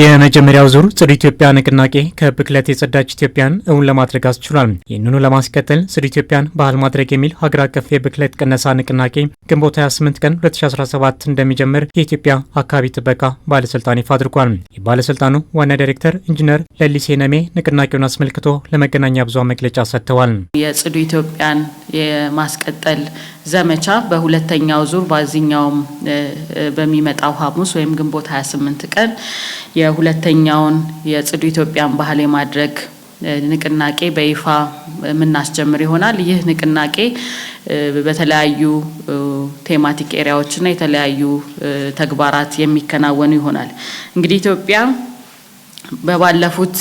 የመጀመሪያው ዙር ጽዱ ኢትዮጵያ ንቅናቄ ከብክለት የጸዳች ኢትዮጵያን እውን ለማድረግ አስችሏል። ይህንኑ ለማስቀጠል ጽዱ ኢትዮጵያን ባህል ማድረግ የሚል ሀገር አቀፍ የብክለት ቅነሳ ንቅናቄ ግንቦት 28 ቀን 2017 እንደሚጀምር የኢትዮጵያ አካባቢ ጥበቃ ባለስልጣን ይፋ አድርጓል። የባለስልጣኑ ዋና ዳይሬክተር ኢንጂነር ለሊሴ ነሜ ንቅናቄውን አስመልክቶ ለመገናኛ ብዙሃን መግለጫ ሰጥተዋል። የጽዱ ኢትዮጵያን የማስቀጠል ዘመቻ በሁለተኛው ዙር በዚህኛውም በሚመጣው ሐሙስ ወይም ግንቦት 28 ቀን የሁለተኛውን የጽዱ ኢትዮጵያን ባህል የማድረግ ንቅናቄ በይፋ የምናስጀምር ይሆናል። ይህ ንቅናቄ በተለያዩ ቴማቲክ ኤሪያዎችና የተለያዩ ተግባራት የሚከናወኑ ይሆናል። እንግዲህ ኢትዮጵያ በባለፉት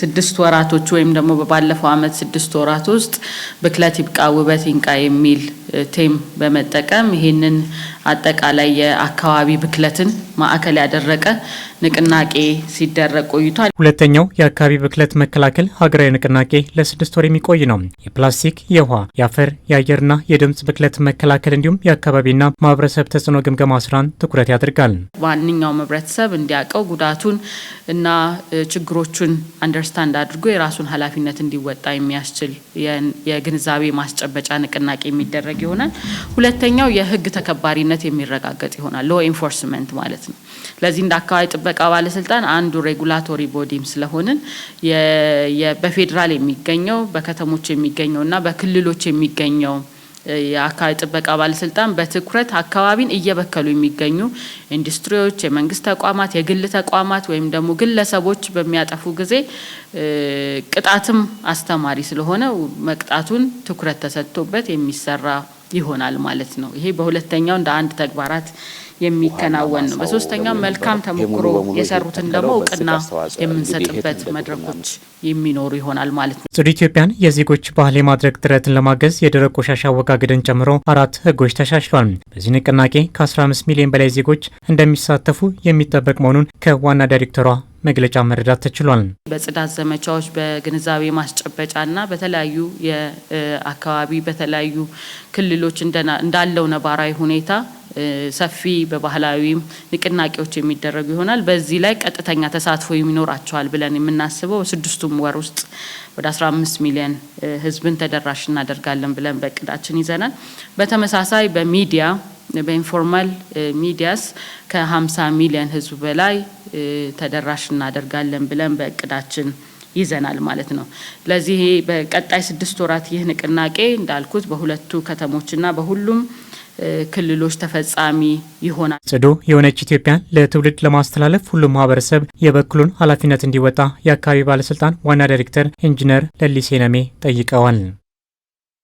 ስድስት ወራቶች ወይም ደግሞ በባለፈው ዓመት ስድስት ወራት ውስጥ ብክለት ይብቃ ውበት ይንቃ የሚል ቴም በመጠቀም ይህንን አጠቃላይ የአካባቢ ብክለትን ማዕከል ያደረቀ ንቅናቄ ሲደረግ ቆይቷል። ሁለተኛው የአካባቢ ብክለት መከላከል ሀገራዊ ንቅናቄ ለስድስት ወር የሚቆይ ነው። የፕላስቲክ፣ የውሃ፣ የአፈር፣ የአየርና የድምፅ ብክለት መከላከል እንዲሁም የአካባቢና ማህበረሰብ ተጽዕኖ ግምገማ ስራን ትኩረት ያደርጋል። ማንኛውም ህብረተሰብ እንዲያውቀው ጉዳቱን እና ችግሮቹን አንደርስታንድ አድርጎ የራሱን ኃላፊነት እንዲወጣ የሚያስችል የግንዛቤ ማስጨበጫ ንቅናቄ የሚደረግ ይሆናል። ሁለተኛው የህግ ተከባሪነት እውነት የሚረጋገጥ ይሆናል። ሎ ኢንፎርስመንት ማለት ነው። ስለዚህ እንደ አካባቢ ጥበቃ ባለስልጣን አንዱ ሬጉላቶሪ ቦዲም ስለሆንን በፌዴራል የሚገኘው በከተሞች የሚገኘውና በክልሎች የሚገኘው የአካባቢ ጥበቃ ባለስልጣን በትኩረት አካባቢን እየበከሉ የሚገኙ ኢንዱስትሪዎች፣ የመንግስት ተቋማት፣ የግል ተቋማት ወይም ደግሞ ግለሰቦች በሚያጠፉ ጊዜ ቅጣትም አስተማሪ ስለሆነ መቅጣቱን ትኩረት ተሰጥቶበት የሚሰራ ይሆናል ማለት ነው። ይሄ በሁለተኛው እንደ አንድ ተግባራት የሚከናወን ነው። በሶስተኛው መልካም ተሞክሮ የሰሩትን ደግሞ እውቅና የምንሰጥበት መድረኮች የሚኖሩ ይሆናል ማለት ነው። ጽዱ ኢትዮጵያን የዜጎች ባህል የማድረግ ጥረትን ለማገዝ የደረቅ ቆሻሻ አወጋገድን ጨምሮ አራት ህጎች ተሻሽሏል። በዚህ ንቅናቄ ከ15 ሚሊዮን በላይ ዜጎች እንደሚሳተፉ የሚጠበቅ መሆኑን ከዋና ዳይሬክተሯ መግለጫ መረዳት ተችሏል። በጽዳት ዘመቻዎች በግንዛቤ ማስጨበጫና በተለያዩ የአካባቢ በተለያዩ ክልሎች እንዳለው ነባራዊ ሁኔታ ሰፊ በባህላዊ ንቅናቄዎች የሚደረጉ ይሆናል። በዚህ ላይ ቀጥተኛ ተሳትፎ የሚኖራቸዋል ብለን የምናስበው በስድስቱም ወር ውስጥ ወደ 15 ሚሊዮን ህዝብን ተደራሽ እናደርጋለን ብለን በእቅዳችን ይዘናል። በተመሳሳይ በሚዲያ በኢንፎርማል ሚዲያስ ከ50 ሚሊዮን ህዝብ በላይ ተደራሽ እናደርጋለን ብለን በእቅዳችን ይዘናል ማለት ነው። ለዚህ በቀጣይ ስድስት ወራት ይህ ንቅናቄ እንዳልኩት በሁለቱ ከተሞችና በሁሉም ክልሎች ተፈጻሚ ይሆናል። ጽዱ የሆነች ኢትዮጵያን ለትውልድ ለማስተላለፍ ሁሉም ማህበረሰብ የበኩሉን ኃላፊነት እንዲወጣ የአካባቢ ባለስልጣን ዋና ዳይሬክተር ኢንጂነር ለሊሴ ነሜ ጠይቀዋል።